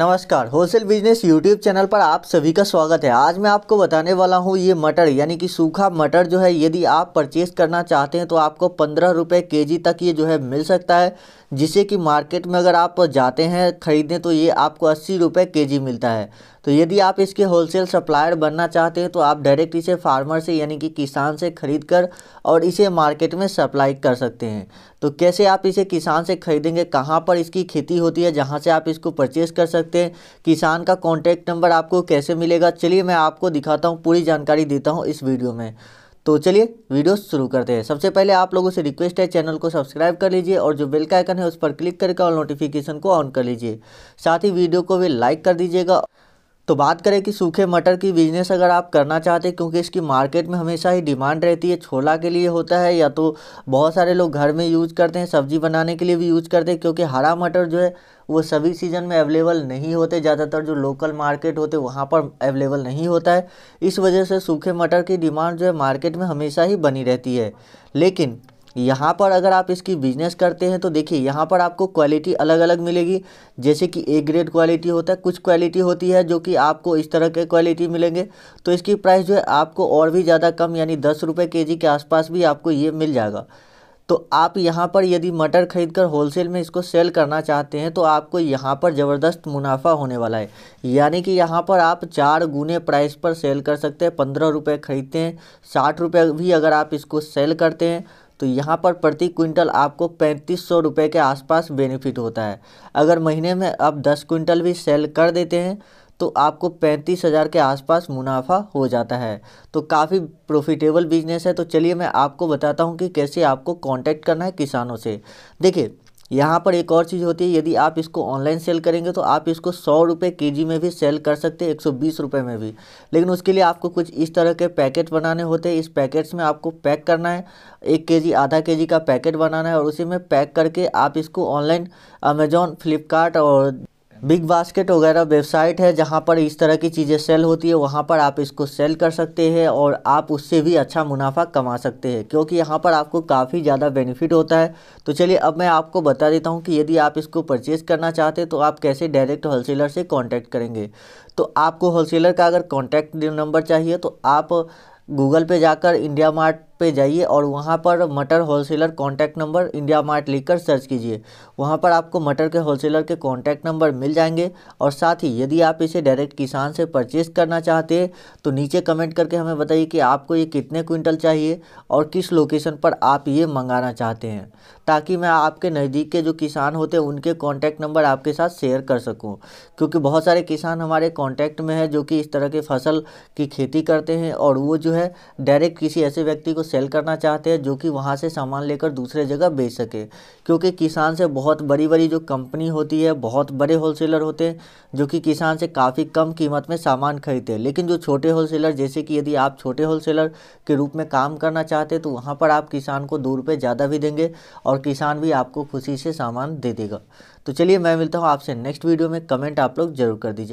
नमस्कार wholesale business YouTube channel पर आप सभी का स्वागत है आज मैं आपको बताने वाला हूँ ये मटर यानी कि सूखा मटर जो है यदि आप परचेस करना चाहते हैं तो आपको पंद्रह रुपये के तक ये जो है मिल सकता है जिसे कि मार्केट में अगर आप जाते हैं खरीदने तो ये आपको अस्सी रुपये के मिलता है तो यदि आप इसके होलसेल सप्लायर बनना चाहते हैं तो आप डायरेक्ट इसे फार्मर से यानी कि किसान से खरीद कर और इसे मार्केट में सप्लाई कर सकते हैं तो कैसे आप इसे किसान से खरीदेंगे कहाँ पर इसकी खेती होती है जहाँ से आप इसको परचेज़ कर सकते हैं किसान का कॉन्टैक्ट नंबर आपको कैसे मिलेगा चलिए मैं आपको दिखाता हूँ पूरी जानकारी देता हूँ इस वीडियो में तो चलिए वीडियो शुरू करते हैं सबसे पहले आप लोगों से रिक्वेस्ट है चैनल को सब्सक्राइब कर लीजिए और जो बेल का आइकन है उस पर क्लिक करके और नोटिफिकेशन को ऑन कर लीजिए साथ ही वीडियो को भी लाइक कर दीजिएगा तो बात करें कि सूखे मटर की बिजनेस अगर आप करना चाहते हैं क्योंकि इसकी मार्केट में हमेशा ही डिमांड रहती है छोला के लिए होता है या तो बहुत सारे लोग घर में यूज करते हैं सब्जी बनाने के लिए भी यूज करते हैं क्योंकि हरा मटर जो है वो सभी सीज़न में अवेलेबल नहीं होते ज़्यादातर जो लोकल मार्केट होते वहाँ पर अवेलेबल नहीं होता है इस वजह से सूखे मटर की डिमांड जो है मार्केट में हमेशा ही बनी रहती है लेकिन यहाँ पर अगर आप इसकी बिजनेस करते हैं तो देखिए यहाँ पर आपको क्वालिटी अलग अलग मिलेगी जैसे कि ए ग्रेड क्वालिटी होता है कुछ क्वालिटी होती है जो कि आपको इस तरह के क्वालिटी मिलेंगे तो इसकी प्राइस जो है आपको और भी ज़्यादा कम यानी दस रुपये के जी के आसपास भी आपको ये मिल जाएगा तो आप यहाँ पर यदि मटर खरीद कर होलसेल में इसको सेल करना चाहते हैं तो आपको यहाँ पर ज़बरदस्त मुनाफा होने वाला है यानी कि यहाँ पर आप चार गुने प्राइस पर सेल कर सकते हैं पंद्रह रुपये खरीदते हैं साठ रुपये भी अगर आप इसको सेल करते हैं तो यहाँ पर प्रति क्विंटल आपको पैंतीस सौ रुपये के आसपास बेनिफिट होता है अगर महीने में आप दस क्विंटल भी सेल कर देते हैं तो आपको पैंतीस हज़ार के आसपास मुनाफा हो जाता है तो काफ़ी प्रॉफिटेबल बिजनेस है तो चलिए मैं आपको बताता हूँ कि कैसे आपको कांटेक्ट करना है किसानों से देखिए यहाँ पर एक और चीज़ होती है यदि आप इसको ऑनलाइन सेल करेंगे तो आप इसको सौ रुपये के जी में भी सेल कर सकते हैं एक सौ बीस रुपये में भी लेकिन उसके लिए आपको कुछ इस तरह के पैकेट बनाने होते हैं इस पैकेट्स में आपको पैक करना है एक के जी आधा के जी का पैकेट बनाना है और उसी में पैक करके आप इसको ऑनलाइन अमेजोन फ्लिपकार्ट और बिग बास्केट वगैरह वेबसाइट है जहाँ पर इस तरह की चीज़ें सेल होती है वहाँ पर आप इसको सेल कर सकते हैं और आप उससे भी अच्छा मुनाफा कमा सकते हैं क्योंकि यहाँ पर आपको काफ़ी ज़्यादा बेनिफिट होता है तो चलिए अब मैं आपको बता देता हूँ कि यदि आप इसको परचेज़ करना चाहते तो आप कैसे डायरेक्ट होलसेलर से कॉन्टैक्ट करेंगे तो आपको होलसेलर का अगर कॉन्टैक्ट नंबर चाहिए तो आप गूगल पे जाकर इंडिया मार्ट पे जाइए और वहाँ पर मटर wholesaler contact number IndiaMART लिखकर सर्च कीजिए वहाँ पर आपको मटर के होलसेलर के कॉन्टैक्ट नंबर मिल जाएंगे और साथ ही यदि आप इसे डायरेक्ट किसान से परचेस करना चाहते हैं तो नीचे कमेंट करके हमें बताइए कि आपको ये कितने क्विंटल चाहिए और किस लोकेशन पर आप ये मंगाना चाहते हैं ताकि मैं आपके नज़दीक के जो किसान होते हैं उनके कॉन्टैक्ट नंबर आपके साथ शेयर कर सकूँ क्योंकि बहुत सारे किसान हमारे कॉन्टैक्ट में है जो कि इस तरह के फसल की खेती करते हैं और वो जो है डायरेक्ट किसी ऐसे व्यक्ति को सेल करना चाहते हैं जो कि वहाँ से सामान लेकर दूसरे जगह बेच सके क्योंकि किसान से बहुत बड़ी बड़ी जो कंपनी होती है बहुत बड़े होलसेलर होते हैं जो कि किसान से काफ़ी कम कीमत में सामान खरीदते हैं लेकिन जो छोटे होलसेलर जैसे कि यदि आप छोटे होलसेलर के रूप में काम करना चाहते हैं तो वहाँ पर आप किसान को दो रुपये ज़्यादा भी देंगे और किसान भी आपको खुशी से सामान दे देगा तो चलिए मैं मिलता हूँ आपसे नेक्स्ट वीडियो में कमेंट आप लोग जरूर कर दीजिए